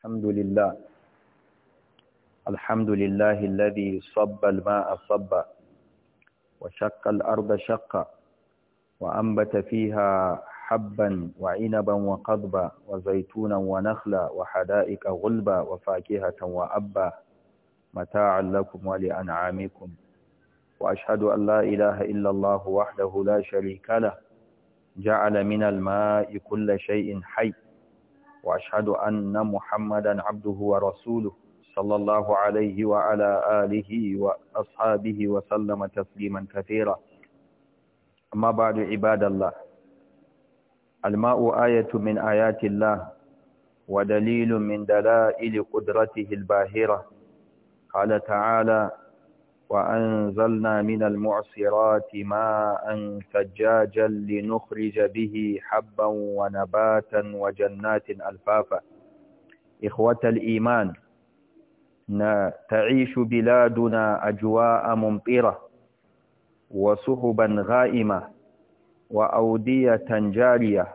الحمد لله الحمد لله الذي صب الماء صبا وشق الأرض شقا وأنبت فيها حبا وعنبا وقضبا وزيتونا ونخلا وحدائق غلبا وفاكهة وأبا متاعا لكم ولأنعامكم وأشهد أن لا إله إلا الله وحده لا شريك له جعل من الماء كل شيء حي وأشهد أن محمدا عبده ورسوله صلى الله عليه وعلى آله وأصحابه وسلم تسليما كثيرا أما بعد عباد الله الماء آية من آيات الله ودليل من دلائل قدرته الباهرة قال تعالى وأنزلنا من المعصرات ماء ثجاجا لنخرج به حبا ونباتا وجنات ألفافا إخوة الإيمان تعيش بلادنا أجواء ممطرة وسحبا غائمة وأودية جارية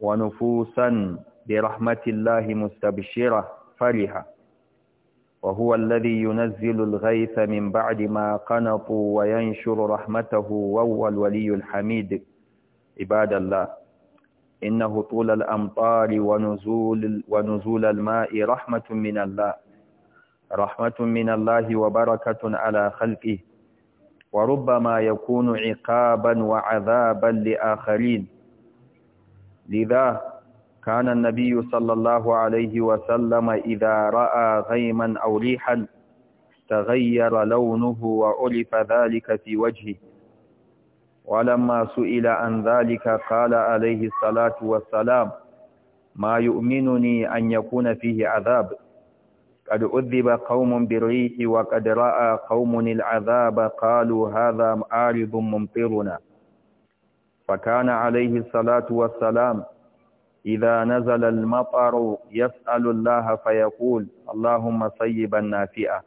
ونفوسا برحمة الله مستبشرة فرحة وهو الذي ينزل الغيث من بعد ما قنطوا وينشر رحمته وهو الولي الحميد عباد الله إنه طول الأمطار ونزول, ونزول الماء رحمة من الله رحمة من الله وبركة على خلقه وربما يكون عقابا وعذابا لآخرين لذا كان النبي صلى الله عليه وسلم إذا رأى غيما أو ريحا تغير لونه وألف ذلك في وجهه ولما سئل عن ذلك قال عليه الصلاة والسلام ما يؤمنني أن يكون فيه عذاب قد أذب قوم بالريح وقد رأى قوم العذاب قالوا هذا عارض ممطرنا فكان عليه الصلاة والسلام إذا نزل المطر يسأل الله فيقول اللهم صيبا نافئا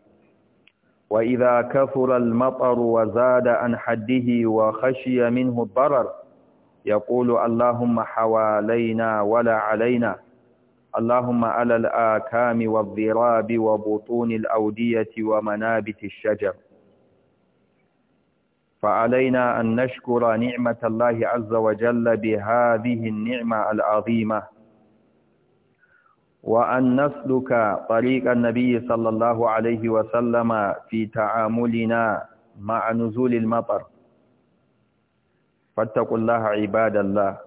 وإذا كثر المطر وزاد عن حده وخشي منه الضرر يقول اللهم حوالينا ولا علينا اللهم على الآكام والضراب وبطون الأودية ومنابت الشجر فعلينا أن نشكر نعمة الله عز وجل بهذه النعمة العظيمة وأن نسلك طريق النبي صلى الله عليه وسلم في تعاملنا مع نزول المطر فاتقوا الله عباد الله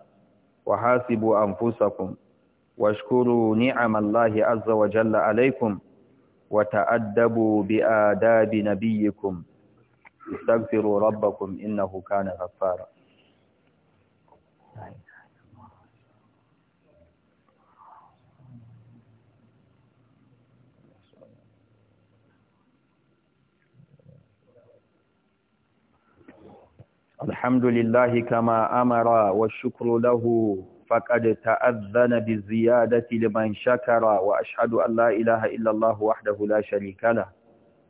وحاسبوا أنفسكم واشكروا نعم الله عز وجل عليكم وتأدبوا بآداب نبيكم استغفروا ربكم إنه كان غفارا الحمد لله كما أمر والشكر له فقد تأذن بالزيادة لمن شكر وأشهد أن لا إله إلا الله وحده لا شريك له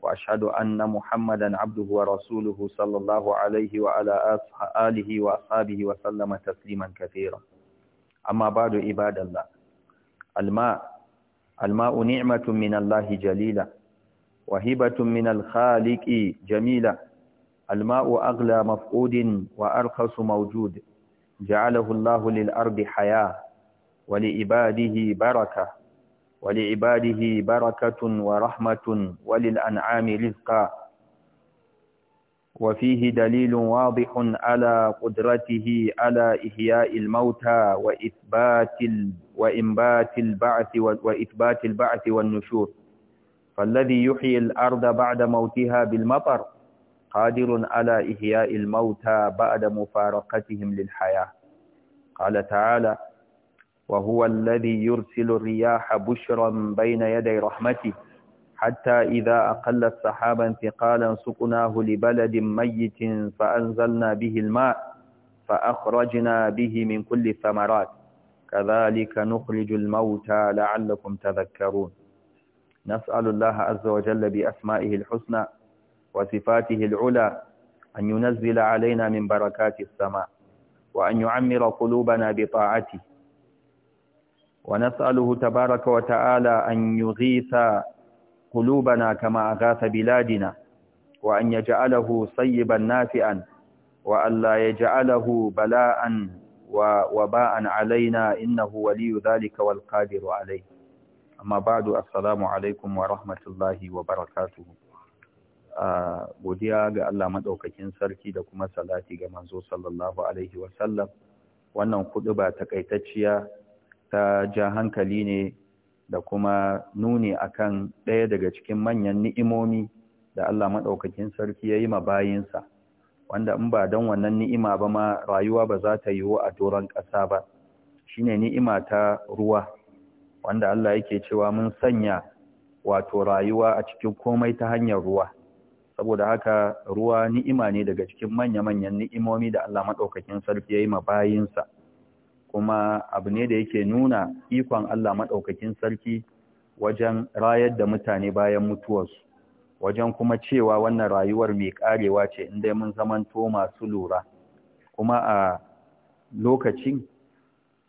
وأشهد أن محمدا عبده ورسوله صلى الله عليه وعلى آله وأصحابه وسلم تسليما كثيرا أما بعد عباد الله الماء الماء نعمة من الله جليلة وهبة من الخالق جميلة الماء أغلى مفقود وأرخص موجود جعله الله للأرض حياة ولعباده بركة ولعباده بركة ورحمة وللأنعام رزقا وفيه دليل واضح على قدرته على إحياء الموتى وإثبات ال... وإنبات البعث و... وإثبات البعث والنشور فالذي يحيي الأرض بعد موتها بالمطر قادر على إحياء الموتى بعد مفارقتهم للحياة قال تعالى وهو الذي يرسل الرياح بشرا بين يدي رحمته حتى إذا أقلت سحابا ثقالا سقناه لبلد ميت فأنزلنا به الماء فأخرجنا به من كل الثمرات كذلك نخرج الموتى لعلكم تذكرون نسأل الله عز وجل بأسمائه الحسنى وصفاته العلى أن ينزل علينا من بركات السماء وأن يعمر قلوبنا بطاعته ونسأله تبارك وتعالى أن يغيث قلوبنا كما أغاث بلادنا وأن يجعله صيبا نافعا وأن لا يجعله بلاء ووباء علينا إنه ولي ذلك والقادر عليه أما بعد السلام عليكم ورحمة الله وبركاته آه، godiya ga Allah madaukakin sarki da kuma salati ga manzo sallallahu alaihi wasallam wannan kudu ba takaitacciya ta ja hankali ne da kuma nuni akan ɗaya daga cikin manyan ni'imomi da Allah maɗaukakin sarki ya yi ma bayinsa wanda in ba don wannan ni'ima ba ma rayuwa ba za ta yiwu a doron ƙasa ba Shi ne ni'ima ta ruwa wanda Allah yake cewa mun sanya wato rayuwa a cikin komai ta hanyar ruwa saboda haka ruwa ni'ima ne daga cikin manya-manyan ni'imomi da Allah maɗaukakin sarki ya yi ma bayinsa kuma abu ne da yake nuna ikon Allah maɗaukakin sarki wajen rayar da mutane bayan mutuwarsu wajen kuma cewa wannan rayuwar mai ƙarewa ce inda mun zamanto masu lura kuma a lokacin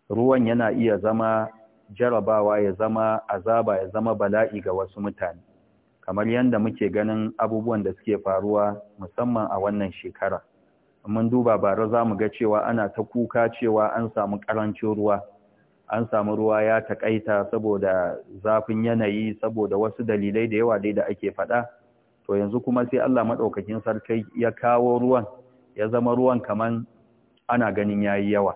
ruwan yana iya zama jarabawa ya zama azaba ya zama bala'i ga wasu mutane kamar yadda muke ganin abubuwan da suke faruwa musamman a wannan shekara mun duba bara za mu ga cewa ana ta kuka cewa an samu ƙarancin ruwa an samu ruwa ya taƙaita saboda zafin yanayi saboda wasu dalilai da yawa dai da ake faɗa to yanzu kuma sai Allah maɗaukakin sarki ya kawo ruwan ya zama ruwan kaman ana ganin yayi yawa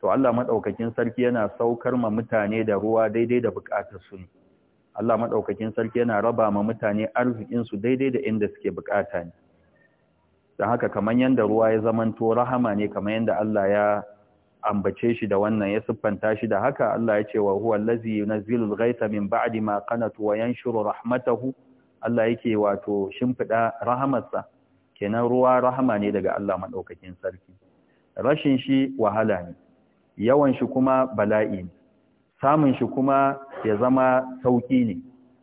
to Allah maɗaukakin sarki yana saukar ma mutane da ruwa daidai da buƙatar su ne Allah maɗaukakin sarki yana raba ma mutane arzikinsu daidai da inda suke buƙata ne don haka kamar yadda ruwa ya zamanto rahama ne kamar yadda Allah ya ambace shi da wannan ya siffanta shi da haka Allah ya ce wa huwa allazi yunazzilul ghaitha min ba'di ma qanat wa yanshuru rahmatahu Allah yake wato shimfida rahamarsa kenan ruwa rahama ne daga Allah madaukakin sarki rashin shi wahala ne yawan shi kuma bala'i ne samun shi kuma ya zama sauki ne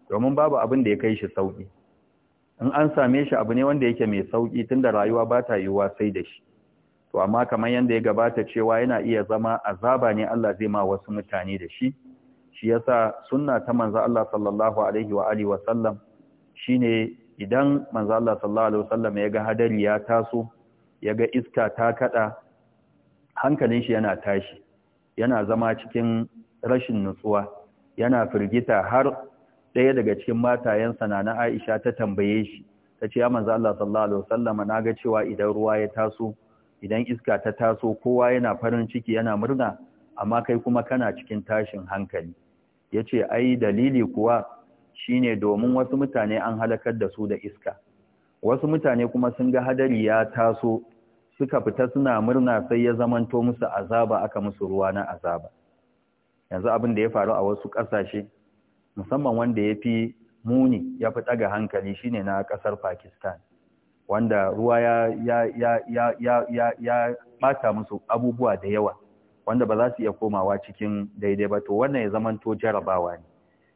domin babu abin da ya kai shi sauki in an same shi abu ne wanda yake mai sauki tunda rayuwa ba ta yiwuwa sai da shi to amma kamar yadda ya gabata cewa yana iya zama azaba ne Allah zai ma wasu mutane da shi shi yasa sunna ta manzo Allah sallallahu alaihi wa alihi wa sallam shine idan manzo Allah sallallahu alaihi wa sallam ya ga hadari ya taso ya ga iska ta kada hankalin shi yana tashi yana zama cikin rashin nutsuwa yana firgita har ɗaya daga cikin matayensa na na Aisha ta tambaye shi ta ce ya manzo Allah sallallahu alaihi wasallam na ga cewa idan ruwa ya taso idan iska ta taso kowa yana farin ciki yana murna amma kai kuma kana cikin tashin hankali yace ai dalili kuwa shine domin wasu mutane an halakar da su da iska wasu mutane kuma sun ga hadari ya taso suka fita suna murna sai ya zamanto musu azaba aka musu ruwa na azaba yanzu abin da ya faru a wasu ƙasashe musamman wanda ya fi muni ya fi ɗaga hankali shine na ƙasar pakistan wanda ruwa ya ɓata musu abubuwa da yawa wanda ba za su iya komawa cikin daidai ba to wannan ya to jarabawa ne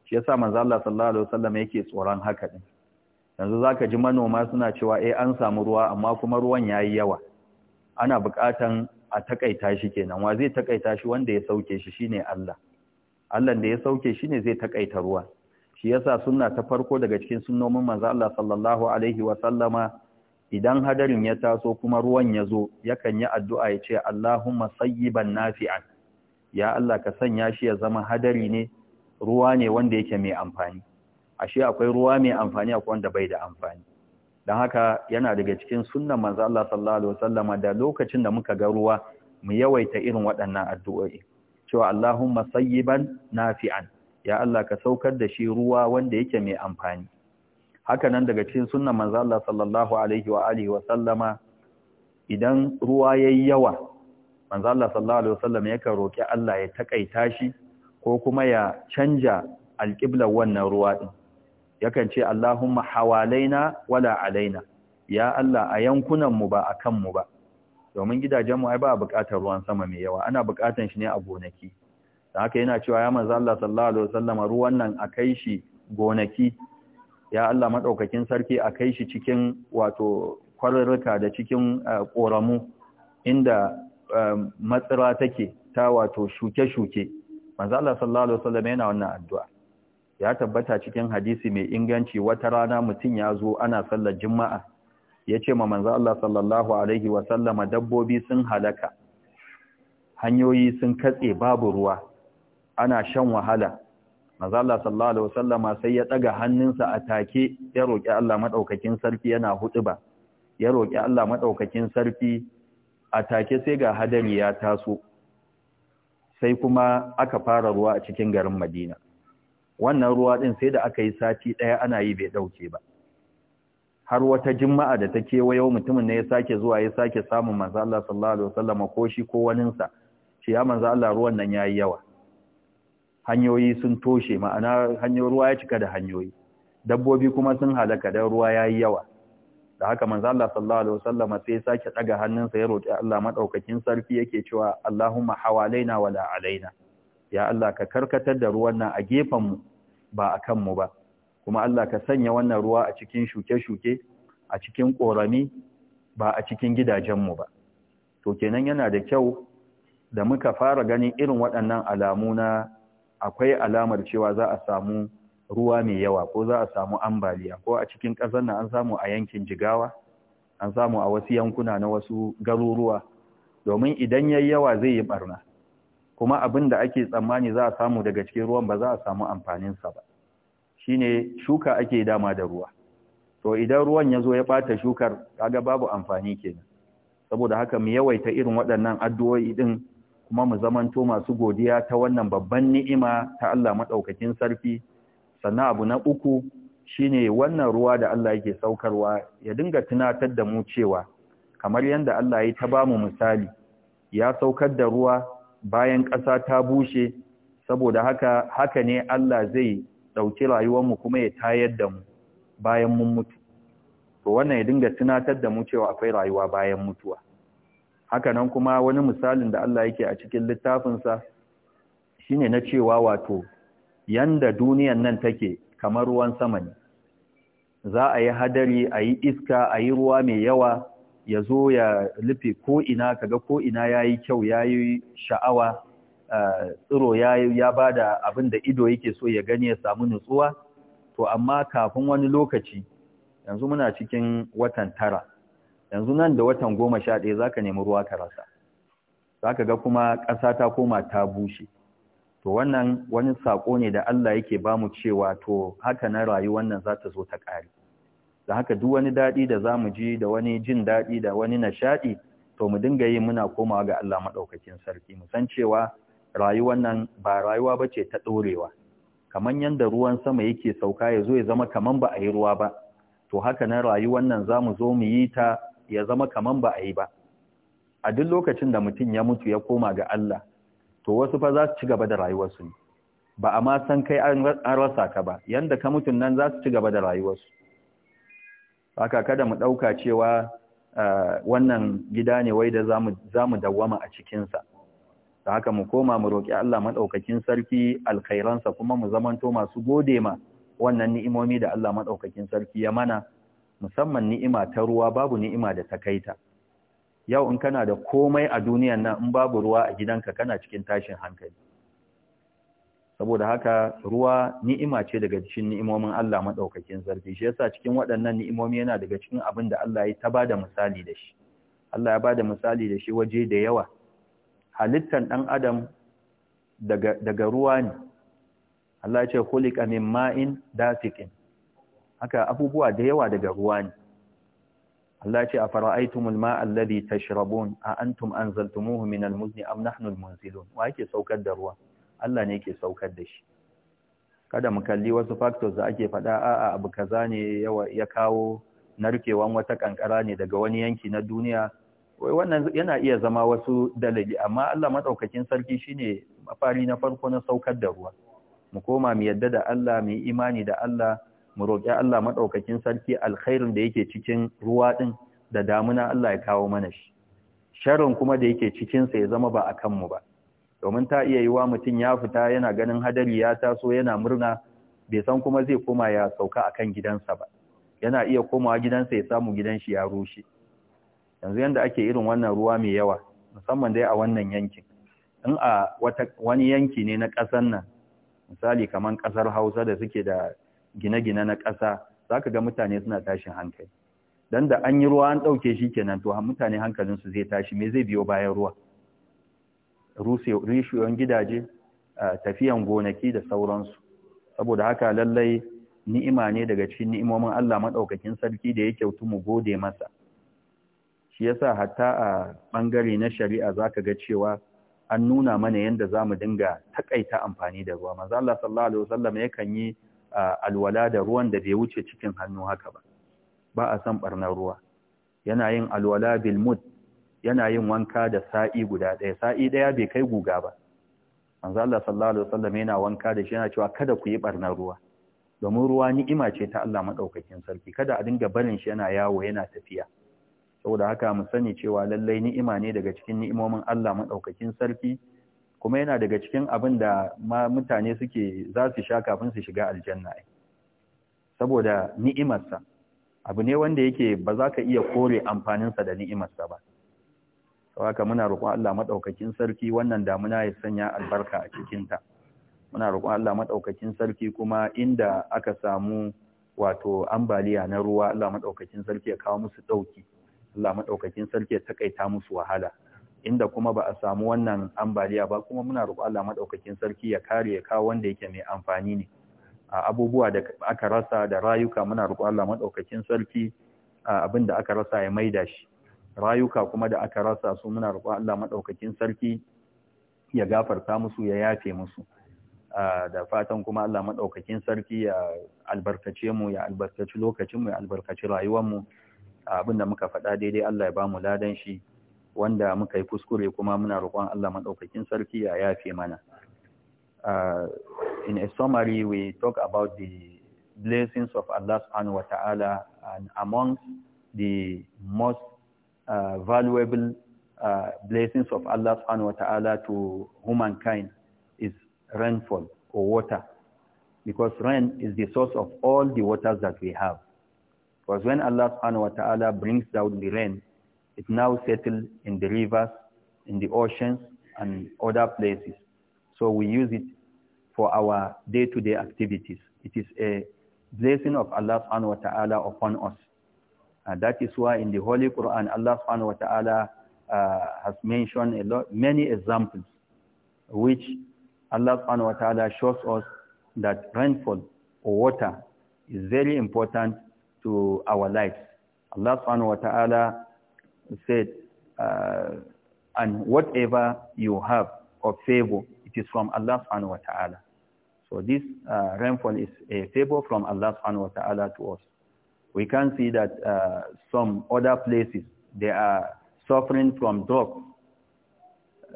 shi yasa manzo Allah sallallahu alaihi wasallam yake tsoron haka ɗin yanzu za ka ji manoma suna cewa e an samu ruwa amma kuma ruwan ya yi yawa ana buƙatan a taƙaita shi kenan wa zai taƙaita shi wanda ya sauke shi shine Allah Allah da ya sauke shi ne zai takaita ruwa shi yasa sunna ta farko daga cikin sunnomin manzo Allah sallallahu alaihi wa sallama idan hadarin ya taso kuma ruwan ya zo yakan yi addu'a ya ce Allahumma sayyiban nafi'an ya Allah ka sanya shi ya zama hadari ne ruwa ne wanda yake mai amfani ashe akwai ruwa mai amfani akwai wanda bai da amfani dan haka yana daga cikin sunnan manzo Allah sallallahu alaihi wa sallama da lokacin da muka ga ruwa mu yawaita irin waɗannan addu'o'i cewa Allahumma sayyiban nafi'an ya Allah ka saukar da shi ruwa wanda yake mai amfani haka nan daga cikin sunnan manzo Allah sallallahu alaihi wa alihi wa sallama idan ruwa yayi yawa manzo Allah sallallahu alaihi wa sallam yakan roki Allah ya takaita shi ko kuma ya canja alqiblar wannan ruwa din yakan ce Allahumma hawalaina wala alaina ya Allah a yankunan mu ba akan mu ba domin gidajenmu ai ba buƙatar ruwan sama mai yawa ana buƙatar shi ne a gonaki da haka yana cewa ya manzo Allah sallallahu alaihi wasallam ruwan nan a kai shi gonaki ya Allah madaukakin sarki a kai shi cikin wato kwarurruka da cikin koramu eh, inda eh, matsira take ta wato shuke-shuke manzo Allah sallallahu alaihi wasallam yana wannan addu'a ya tabbata cikin hadisi mai inganci wata rana mutum ya zo ana sallar juma'a ya ce ma manzo Allah sallallahu alaihi wasallama dabbobi sun halaka hanyoyi sun katse babu ruwa ana shan wahala manzo Allah sallallahu alaihi wasallama sai ya daga hannunsa a take ya roki Allah madaukakin sarki yana ba. ya roki Allah maɗaukakin sarki a take sai ga hadari ya taso sai kuma aka fara ruwa a cikin garin Madina wannan ruwa din sai da aka yi sati ɗaya ana yi bai ɗauke ba har wata juma'a da ta kewayo mutumin ne ya sake zuwa ya sake samun manzo Allah sallallahu alaihi wasallam ko shi ko waninsa shi ya manzo Allah ruwan nan yayi yawa hanyoyi sun toshe ma'ana hanyo ruwa ya cika da hanyoyi dabbobi kuma sun halaka da ruwa yayi yawa da haka manzo Allah sallallahu alaihi wasallam sai ya sake daga hannunsa ya roki Allah madaukakin sarki yake cewa Allahumma hawalaina wala alaina ya Allah ka karkatar da ruwan nan a gefen mu ba akan mu ba kuma Allah ka sanya wannan ruwa a cikin shuke-shuke a cikin ƙorami ba a cikin gidajenmu ba to kenan yana da kyau da muka fara ganin irin waɗannan alamu na akwai alamar cewa za a samu ruwa mai yawa ko za a samu ambaliya ko a cikin ƙasar nan an samu a yankin jigawa an samu a wasu yankuna na wasu garuruwa domin idan yayi yawa zai yi barna kuma abin da ake tsammani za a samu daga cikin ruwan ba za a samu amfaninsa ba shine shuka ake dama da ruwa to idan ruwan ya zo ya ɓata shukar kaga babu amfani kenan saboda haka mu yawaita irin waɗannan addu'o'i din kuma mu zamanto masu godiya ta wannan babban ni'ima ta Allah madaukakin sarfi/ sannan abu na uku shine wannan ruwa da Allah yake saukarwa ya dinga tunatar da mu cewa kamar yadda Allah ya ta bamu misali ya saukar da ruwa bayan ƙasa ta bushe saboda haka haka ne Allah zai ɗauki mu kuma ya tayar da mu bayan mun mutu to wannan ya dinga tunatar da mu cewa akwai rayuwa bayan mutuwa haka nan kuma wani misalin da Allah yake a cikin littafinsa shine na cewa wato yanda duniyan nan take kamar ruwan sama ne za a yi hadari a yi iska a yi ruwa mai yawa ya zo ya lufe ko'ina kaga ko'ina ya yi kyau ya yi sha'awa tsiro ya ba da abin da ido yake so ya gani ya samu nutsuwa to amma kafin wani lokaci yanzu muna cikin watan tara yanzu nan da watan goma sha ɗaya ka nemi ruwa ka rasa Za ka ga kuma ƙasa ta koma ta bushe to wannan wani sako ne da Allah yake bamu cewa to haka na rayu wannan za ta zo ta ƙare da haka duk wani daɗi da za mu ji da wani jin daɗi da wani nishaɗi to mu dinga yi muna komawa ga Allah maɗaukakin sarki mu san cewa rayuwar nan ba rayuwa ba ce ta ɗorewa kamar yadda ruwan sama yake sauka ya zo ya zama kamar ba a yi ruwa ba to haka nan rayuwar nan za mu zo mu yi ta ya zama kamar ba a yi ba a duk lokacin da mutum ya mutu ya koma ga Allah to wasu fa za su ci gaba da rayuwarsu ne ba a ma san kai an rasa ka ba yanda ka mutun nan za su ci gaba da rayuwarsu haka kada mu ɗauka cewa eh, wannan gida ne wai da za mu dawwama a cikinsa da haka mu koma mu roƙi Allah maɗaukakin sarki alkhairansa kuma mu zamanto masu gode ma wannan ni'imomi da Allah maɗaukakin sarki ya mana musamman ni'ima ta ruwa babu ni'ima da takaita yau in kana da komai a duniyan nan in babu ruwa a gidanka kana cikin tashin hankali saboda haka ruwa ni'ima ce daga cikin ni'imomin Allah maɗaukakin sarki shi yasa cikin waɗannan ni'imomi yana daga cikin abin da Allah ya ta bada misali da shi Allah ya bada misali da shi waje da yawa halittan ɗan adam daga ruwa ne Allah ce khuliqa min ma'in dafiƙin haka abubuwa da yawa daga ruwa ne Allah ya ce ma'an ladi ta tashrabun a an anzaltumuhu min almuzni muzni am na hannun munzilun wa ake saukar da ruwa Allah ne ke saukar da shi kada mu kalli wasu factors da ake faɗa a abu kaza ne ya kawo narkewan wata kankara ne daga wani yanki na duniya wannan yana iya zama wasu dalili amma Allah madaukakin sarki shine fari na farko na saukar da ruwa mu koma mu yadda da Allah mu imani da Allah mu roƙi Allah madaukakin sarki alkhairin da yake cikin ruwa din da damuna Allah ya kawo mana shi sharrin kuma da yake cikin sa ya zama ba akan mu ba domin ta iya yiwa mutum ya fita yana ganin hadari ya taso yana murna bai san kuma zai koma ya sauka akan gidansa ba yana iya komawa gidansa ya samu gidan shi ya rushe yanzu yanda ake irin wannan ruwa mai yawa musamman dai a wannan yankin in a wani yanki ne na ƙasar nan misali kamar ƙasar hausa da suke da gine-gine na ƙasa za ga mutane suna tashin hankali dan da an yi ruwa an ɗauke shi kenan to mutane hankalinsu zai tashi me zai biyo bayan ruwa rushewan gidaje tafiyan gonaki da sauransu saboda haka lallai ni'ima ne daga cikin ni'imomin Allah maɗaukakin sarki da ya kyautu mu gode masa shi yasa hatta a bangare na shari'a zaka ga cewa an nuna mana yanda zamu dinga takaita amfani da ruwa manzo Allah sallallahu alaihi wasallam yakan yi alwala da ruwan da bai wuce cikin hannu haka ba ba a san barnar ruwa yana yin alwala bil yana yin wanka da sa'i guda ɗaya sa'i ɗaya bai kai guga ba manzo Allah sallallahu alaihi wasallam yana wanka da shi yana cewa kada ku yi ɓarnar ruwa domin ruwa ni'ima ce ta Allah maɗaukakin sarki kada a dinga barin shi yana yawo yana tafiya saboda haka mu sani cewa lallai ni'ima ne daga cikin ni'imomin Allah maɗaukakin sarki kuma yana daga cikin abin da mutane suke za su sha kafin su shiga aljanna saboda ni'imarsa abu ne wanda yake ba za ka iya kore amfaninsa da ni'imarsa ba haka muna roƙon Allah maɗaukakin sarki wannan damuna ya sanya albarka a cikinta muna roƙon Allah maɗaukakin sarki kuma inda aka samu wato ambaliya na ruwa Allah madaukakin sarki ya kawo musu ɗauki. Allah madaukakin sarki ya takaita musu wahala inda kuma ba a samu wannan ambaliya ba kuma muna roƙo Allah madaukakin sarki ya kare ya kawo wanda yake mai amfani ne abubuwa da aka rasa da rayuka muna roƙo Allah madaukakin sarki abin da aka rasa ya maida shi rayuka kuma da aka rasa su muna roƙo Allah madaukakin sarki ya gafarta musu ya yafe musu da fatan kuma Allah maɗaukakin sarki ya albarkace mu ya albarkaci mu ya albarkaci mu abinda muka faɗa daidai Allah ya ladan shi wanda muka yi kuskure kuma muna roƙon Allah sarki ya yafe mana in a summary we talk about the blessings of Allah subhanahu wa ta'ala and amongst the most uh, valuable uh, blessings of Allah subhanahu wa ta'ala to humankind is rainfall or water because rain is the source of all the waters that we have. Because when Allah subhanahu wa ta'ala brings down the rain, it now settles in the rivers, in the oceans, and other places. So we use it for our day-to-day -day activities. It is a blessing of Allah subhanahu wa ta'ala upon us. And uh, that is why in the Holy Quran, Allah subhanahu wa ta'ala uh, has mentioned a lot, many examples which Allah subhanahu wa ta'ala shows us that rainfall or water is very important to our lives. Allah subhanahu wa ta'ala said, uh, and whatever you have of favor, it is from Allah subhanahu wa ta'ala. So this uh, rainfall is a favor from Allah subhanahu wa ta'ala to us. We can see that uh, some other places, they are suffering from drought,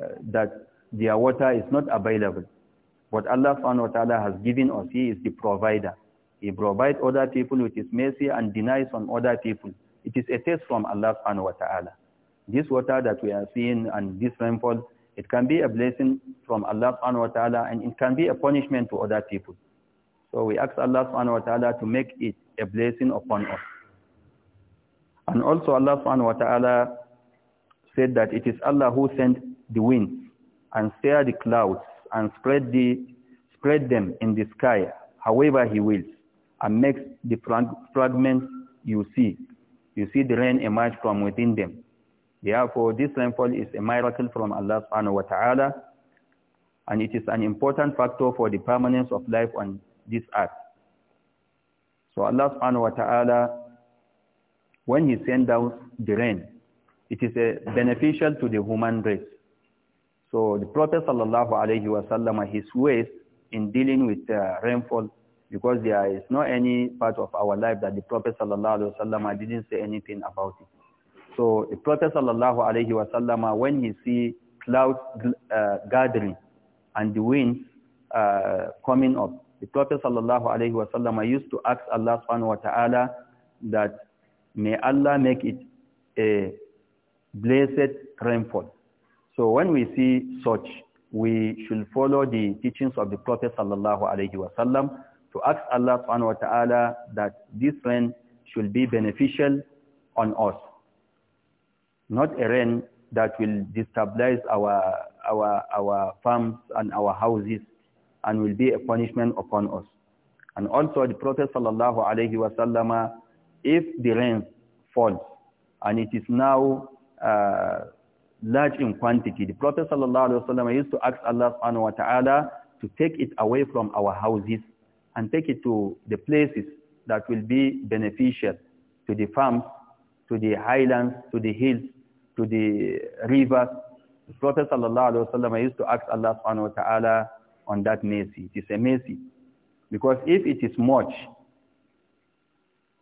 uh, that their water is not available. But Allah subhanahu wa ta'ala has given us, He is the provider. He provides other people with his mercy and denies on other people. It is a test from Allah subhanahu wa ta'ala. This water that we are seeing and this rainfall, it can be a blessing from Allah subhanahu wa ta'ala and it can be a punishment to other people. So we ask Allah subhanahu wa ta'ala to make it a blessing upon us. And also Allah subhanahu wa ta'ala said that it is Allah who sent the winds and stir the clouds and spread, the, spread them in the sky however he wills and makes the fragments you see. You see the rain emerge from within them. Therefore, this rainfall is a miracle from Allah subhanahu wa ta'ala, and it is an important factor for the permanence of life on this earth. So Allah subhanahu wa ta'ala, when he sends down the rain, it is beneficial to the human race. So the Prophet sallallahu alayhi wa sallam, his ways in dealing with uh, rainfall because there is not any part of our life that the Prophet sallallahu alaihi wasallam didn't say anything about it. So the Prophet sallallahu alaihi wasallam, when he see clouds uh, gathering and the winds uh, coming up, the Prophet sallallahu alaihi wasallam used to ask Allah subhanahu wa taala that may Allah make it a blessed rainfall. So when we see such, we should follow the teachings of the Prophet sallallahu alaihi wasallam to ask Allah subhanahu wa ta'ala that this rain should be beneficial on us. Not a rain that will destabilize our, our, our farms and our houses and will be a punishment upon us. And also the Prophet sallallahu alayhi wa if the rain falls and it is now uh, large in quantity, the Prophet sallallahu alayhi wa used to ask Allah subhanahu wa ta'ala to take it away from our houses and take it to the places that will be beneficial to the farms, to the highlands, to the hills, to the rivers. The Prophet sallallahu alaihi wasallam used to ask Allah subhanahu wa ta'ala on that mercy. It is a mercy. Because if it is much,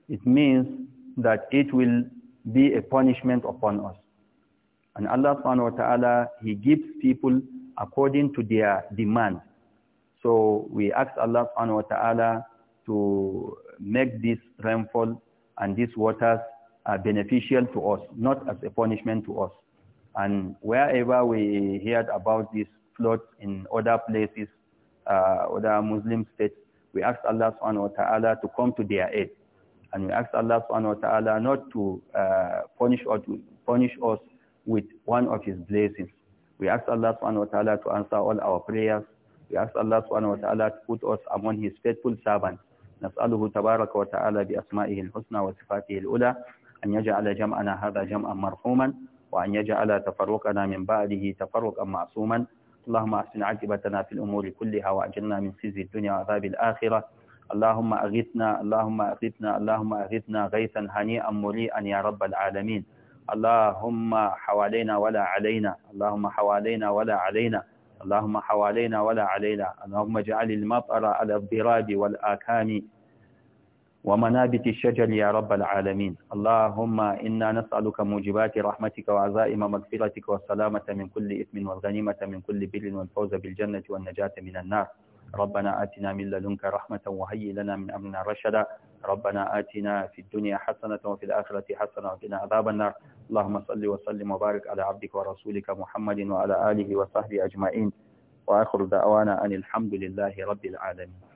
it means that it will be a punishment upon us. And Allah subhanahu wa ta'ala, He gives people according to their demand. So we ask Allah subhanahu wa ta'ala to make this rainfall and these waters are beneficial to us, not as a punishment to us. And wherever we heard about this flood in other places, uh, other Muslim states, we ask Allah subhanahu wa ta'ala to come to their aid. And we ask Allah subhanahu wa ta'ala not to uh, punish, or to punish us with one of his blessings. We ask Allah subhanahu wa ta'ala to answer all our prayers We ask Allah subhanahu wa ta'ala to put us among his faithful servants. نسأله تبارك وتعالى بأسمائه الحسنى وصفاته الأولى أن يجعل جمعنا هذا جمعا مرحوما وأن يجعل تفرقنا من بعده تفرقا معصوما اللهم أحسن عاقبتنا في الأمور كلها وأجلنا من خزي الدنيا وعذاب الآخرة اللهم أغثنا اللهم أغثنا اللهم أغثنا غيثا هنيئا مليئا يا رب العالمين اللهم حوالينا ولا علينا اللهم حوالينا ولا علينا اللهم حوالينا ولا علينا اللهم اجعل المطر على الضراب والآكام ومنابت الشجر يا رب العالمين اللهم إنا نسألك موجبات رحمتك وعزائم مغفرتك والسلامة من كل إثم والغنيمة من كل بر والفوز بالجنة والنجاة من النار ربنا آتنا من لدنك رحمة وهيئ لنا من أمرنا رشدا ربنا آتنا في الدنيا حسنة وفي الآخرة حسنة وقنا عذاب النار اللهم صل وسلم وبارك على عبدك ورسولك محمد وعلى آله وصحبه أجمعين وآخر دعوانا أن الحمد لله رب العالمين